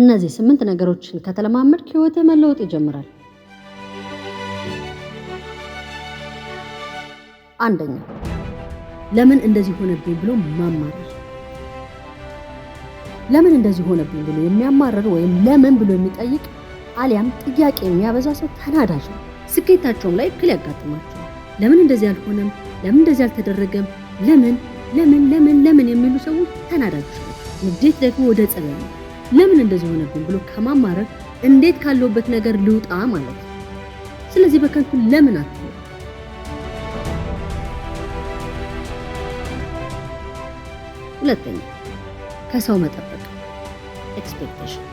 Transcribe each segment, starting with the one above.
እነዚህ ስምንት ነገሮችን ከተለማመድክ ህይወት መለወጥ ይጀምራል። አንደኛ ለምን እንደዚህ ሆነብኝ ብሎ ማማረር። ለምን እንደዚህ ሆነብኝ ብሎ የሚያማረር ወይም ለምን ብሎ የሚጠይቅ አሊያም ጥያቄ የሚያበዛ ሰው ተናዳጅ ነው። ስኬታቸውም ላይ እክል ያጋጥማቸዋል። ለምን እንደዚህ አልሆነም፣ ለምን እንደዚህ አልተደረገም፣ ለምን ለምን ለምን ለምን የሚሉ ሰዎች ተናዳጅ ናቸው። ንዴት ደግሞ ወደ ጸበል ነው። ለምን እንደዚህ ሆነብን ብሎ ከማማረር እንዴት ካለውበት ነገር ልውጣ ማለት ነው። ስለዚህ በከንቱ ለምን አት ሁለተኛ ከሰው መጠበቅ ኤክስፔክቴሽን።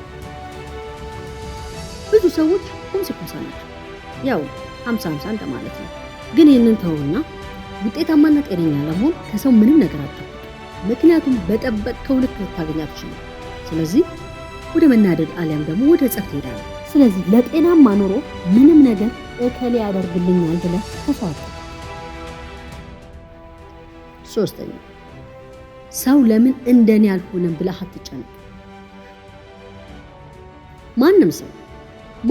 ብዙ ሰዎች ኩምስ ኩምሳ ናቸው፣ ያው ሀምሳ ሀምሳ እንደማለት ነው። ግን ይህንን ተውና ውጤታማና ጤነኛ ለመሆን ከሰው ምንም ነገር አትጠብቅ። ምክንያቱም በጠበቅከው ልክ ልታገኝ ስለዚህ ወደ መናደድ አሊያም ደግሞ ወደ ጸብ ትሄዳለህ። ስለዚህ ለጤናማ ኑሮ ምንም ነገር እከሌ ያደርግልኛል ብለህ ተሳት። ሶስተኛ ሰው ለምን እንደኔ አልሆነም ብለህ አትጨነቅ። ማንም ሰው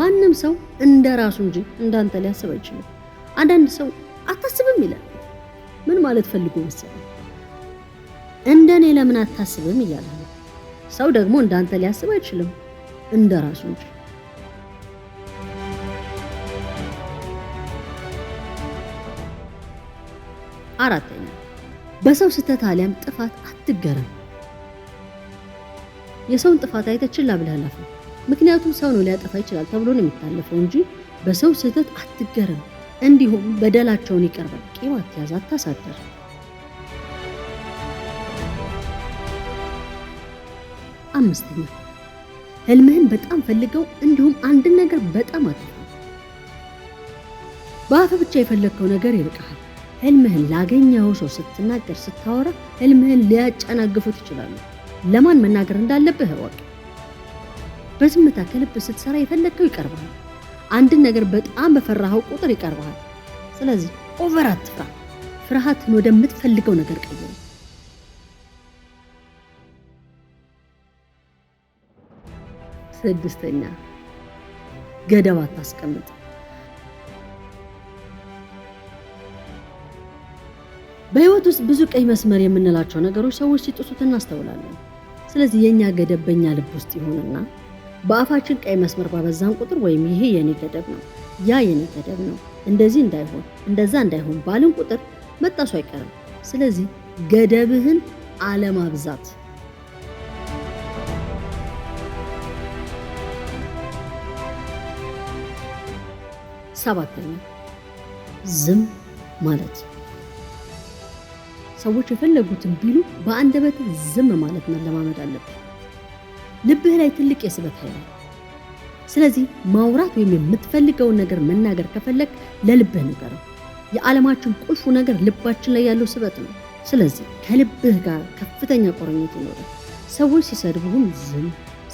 ማንም ሰው እንደ ራሱ እንጂ እንዳንተ ሊያስብ አይችልም። አንዳንድ ሰው አታስብም ይላል። ምን ማለት ፈልጎ መሰለህ? እንደኔ ለምን አታስብም ይላል ሰው ደግሞ እንዳንተ ሊያስብ አይችልም፣ እንደ ራሱ እንጂ። አራተኛ በሰው ስህተት አሊያም ጥፋት አትገረም። የሰውን ጥፋት አይተህ ችላ ብለህ አለፈ። ምክንያቱም ሰው ነው ሊያጠፋ ይችላል ተብሎ ነው የሚታለፈው እንጂ በሰው ስህተት አትገረም። እንዲሁም በደላቸውን ይቀርባል በል፣ ቂም አትያዝ፣ አምስተኛ ህልምህን በጣም ፈልገው እንዲሁም አንድን ነገር በጣም አት በአፍ ብቻ የፈለግከው ነገር ይርቀሃል። ህልምህን ላገኘው ሰው ስትናገር፣ ስታወራ ህልምህን ሊያጨናግፉት ይችላሉ። ለማን መናገር እንዳለብህ እወቅ። በዝምታ ከልብ ስትሰራ የፈለግከው ይቀርብሃል። አንድን ነገር በጣም በፈራኸው ቁጥር ይቀርብሃል። ስለዚህ ኦቨር አትፍራ። ፍርሃትን ወደምትፈልገው ነገር ቀይረው። ስድስተኛ ገደብ አታስቀምጥ። በህይወት ውስጥ ብዙ ቀይ መስመር የምንላቸው ነገሮች ሰዎች ሲጥሱት እናስተውላለን። ስለዚህ የእኛ ገደብ በእኛ ልብ ውስጥ ይሆንና በአፋችን ቀይ መስመር ባበዛን ቁጥር ወይም ይሄ የኔ ገደብ ነው፣ ያ የኔ ገደብ ነው፣ እንደዚህ እንዳይሆን፣ እንደዛ እንዳይሆን ባልን ቁጥር መጣሱ አይቀርም። ስለዚህ ገደብህን አለማብዛት ሰባተኛ ዝም ማለት ሰዎች የፈለጉትን ቢሉ በአንደበት ዝም ማለት መለማመድ አለበት። ልብህ ላይ ትልቅ የስበት ኃይል ነው። ስለዚህ ማውራት ወይም የምትፈልገውን ነገር መናገር ከፈለግ ለልብህ ንገረው። የዓለማችን ቁልፉ ነገር ልባችን ላይ ያለው ስበት ነው። ስለዚህ ከልብህ ጋር ከፍተኛ ቁርኝት ይኖረ። ሰዎች ሲሰድቡህም ዝም፣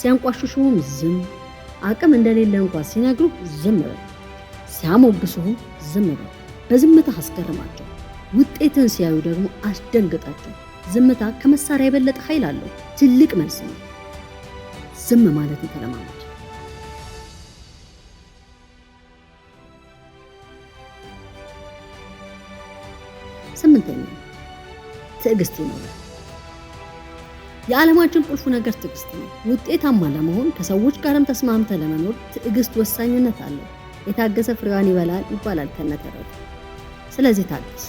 ሲያንቋሽሹህም ዝም፣ አቅም እንደሌለ እንኳ ሲነግሩህ ዝም በል። ሲያሞግሱ ዝም በል። በዝምታ አስገርማቸው። ውጤትን ሲያዩ ደግሞ አስደንግጣቸው። ዝምታ ከመሳሪያ የበለጠ ኃይል አለው። ትልቅ መልስ ነው። ዝም ማለት ተለማመድ። ስምንተኛ ትዕግስት ይኖረ። የዓለማችን ቁልፉ ነገር ትዕግስት ነው። ውጤታማ ለመሆን ከሰዎች ጋርም ተስማምተ ለመኖር ትዕግስት ወሳኝነት አለው። የታገሰ ፍሬዋን ይበላል ይባላል ከነተረቱ። ስለዚህ ታገስ።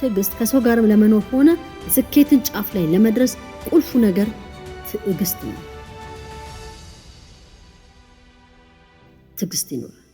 ትዕግስት ከሰው ጋርም ለመኖር ሆነ ስኬትን ጫፍ ላይ ለመድረስ ቁልፉ ነገር ትዕግስት ነው። ትዕግስት ይኖራል።